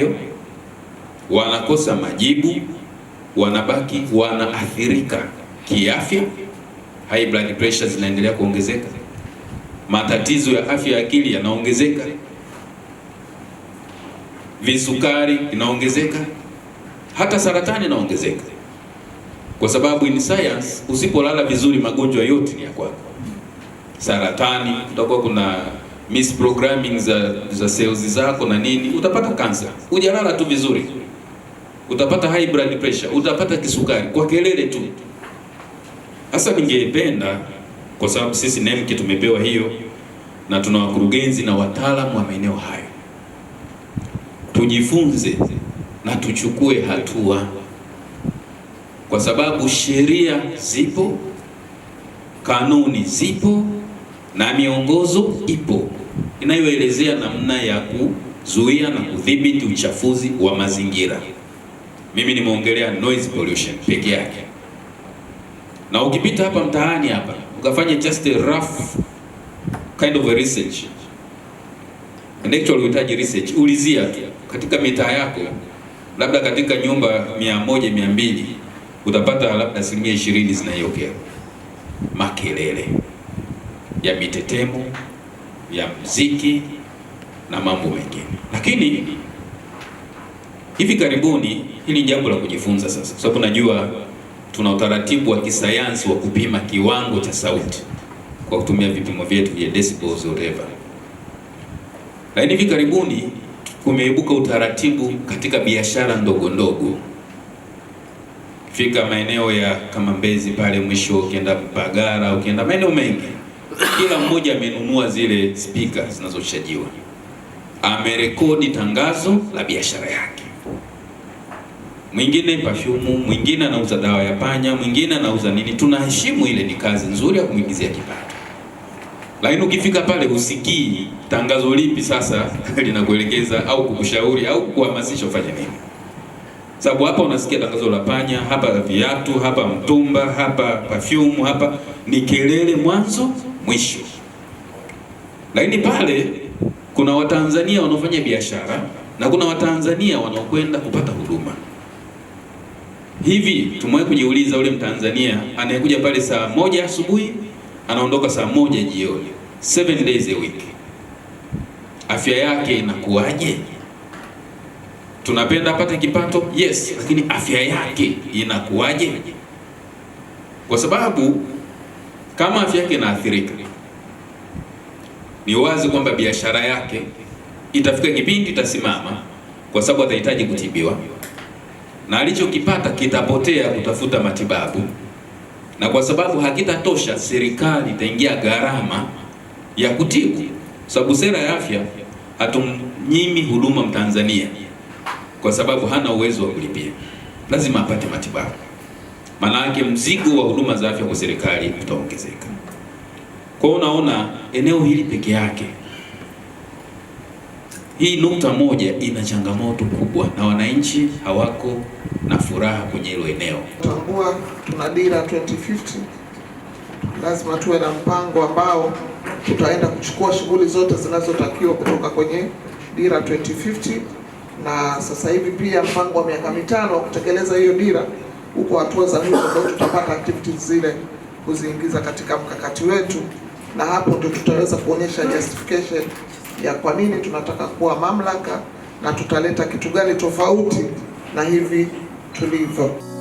Yo, wanakosa majibu, wanabaki wanaathirika kiafya. High blood pressure zinaendelea kuongezeka, matatizo ya afya ya akili yanaongezeka, visukari inaongezeka, hata saratani inaongezeka, kwa sababu in science, usipolala vizuri magonjwa yote ni ya kwako. Saratani kutakuwa kuna misprogramming za za cells zako na nini, utapata kansa. ujalala tu vizuri, utapata high blood pressure, utapata kisukari kwa kelele tu. Sasa ningependa kwa sababu sisi nemki tumepewa hiyo na tuna wakurugenzi na wataalamu wa maeneo hayo, tujifunze na tuchukue hatua, kwa sababu sheria zipo, kanuni zipo na miongozo ipo inayoelezea namna ya kuzuia na kudhibiti uchafuzi wa mazingira. Mimi nimeongelea noise pollution peke yake, na ukipita hapa mtaani hapa ukafanya just a rough kind of a research and actually uhitaji research, ulizia katika mitaa yako, labda katika nyumba mia moja mia mbili utapata labda asilimia ishirini zinaitokea makelele ya mitetemo ya mziki na mambo mengine. Lakini hivi karibuni, hili ni jambo la kujifunza sasa, kwa sababu najua tuna utaratibu wa kisayansi wa kupima kiwango cha sauti kwa kutumia vipimo vyetu vya decibels au whatever. Lakini hivi karibuni kumeibuka utaratibu katika biashara ndogo ndogo, fika maeneo ya kama Mbezi pale mwisho, ukienda Mbagara, ukienda maeneo mengi kila mmoja amenunua zile spika zinazoshajiwa, amerekodi tangazo la biashara yake, mwingine perfume, mwingine anauza dawa ya panya, mwingine anauza nini. Tunaheshimu ile, ni kazi nzuri ya kumwingizia kipato, lakini ukifika pale usikii tangazo lipi sasa linakuelekeza au kukushauri au kuhamasisha ufanye nini, sababu hapa unasikia tangazo la panya, hapa la viatu, hapa mtumba, hapa perfume, hapa ni kelele mwanzo mwisho. Lakini pale kuna Watanzania wanaofanya biashara na kuna Watanzania wanaokwenda kupata huduma. Hivi tumewahi kujiuliza, ule Mtanzania anayekuja pale saa moja asubuhi anaondoka saa moja jioni, seven days a week, afya yake inakuwaje? Tunapenda apate kipato yes, lakini afya yake inakuwaje? Kwa sababu kama afya yake inaathirika, ni wazi kwamba biashara yake itafika kipindi itasimama, kwa sababu atahitaji kutibiwa na alichokipata kitapotea kutafuta matibabu, na kwa sababu hakitatosha, serikali itaingia gharama ya kutibu, sababu sera ya afya hatumnyimi huduma Mtanzania kwa sababu hana uwezo wa kulipia, lazima apate matibabu. Maanake mzigo wa huduma za afya kwa serikali utaongezeka. Kwa hiyo unaona, eneo hili peke yake, hii nukta moja ina changamoto kubwa, na wananchi hawako na furaha kwenye hilo eneo. Tambua tuna dira 2050 lazima tuwe na mpango ambao tutaenda kuchukua shughuli zote zinazotakiwa kutoka kwenye dira 2050 na sasa hivi pia mpango wa miaka mitano wa kutekeleza hiyo dira huko hatua za mwisho ndio tutapata activities zile kuziingiza katika mkakati wetu, na hapo ndio tutaweza kuonyesha justification ya kwa nini tunataka kuwa mamlaka na tutaleta kitu gani tofauti na hivi tulivyo.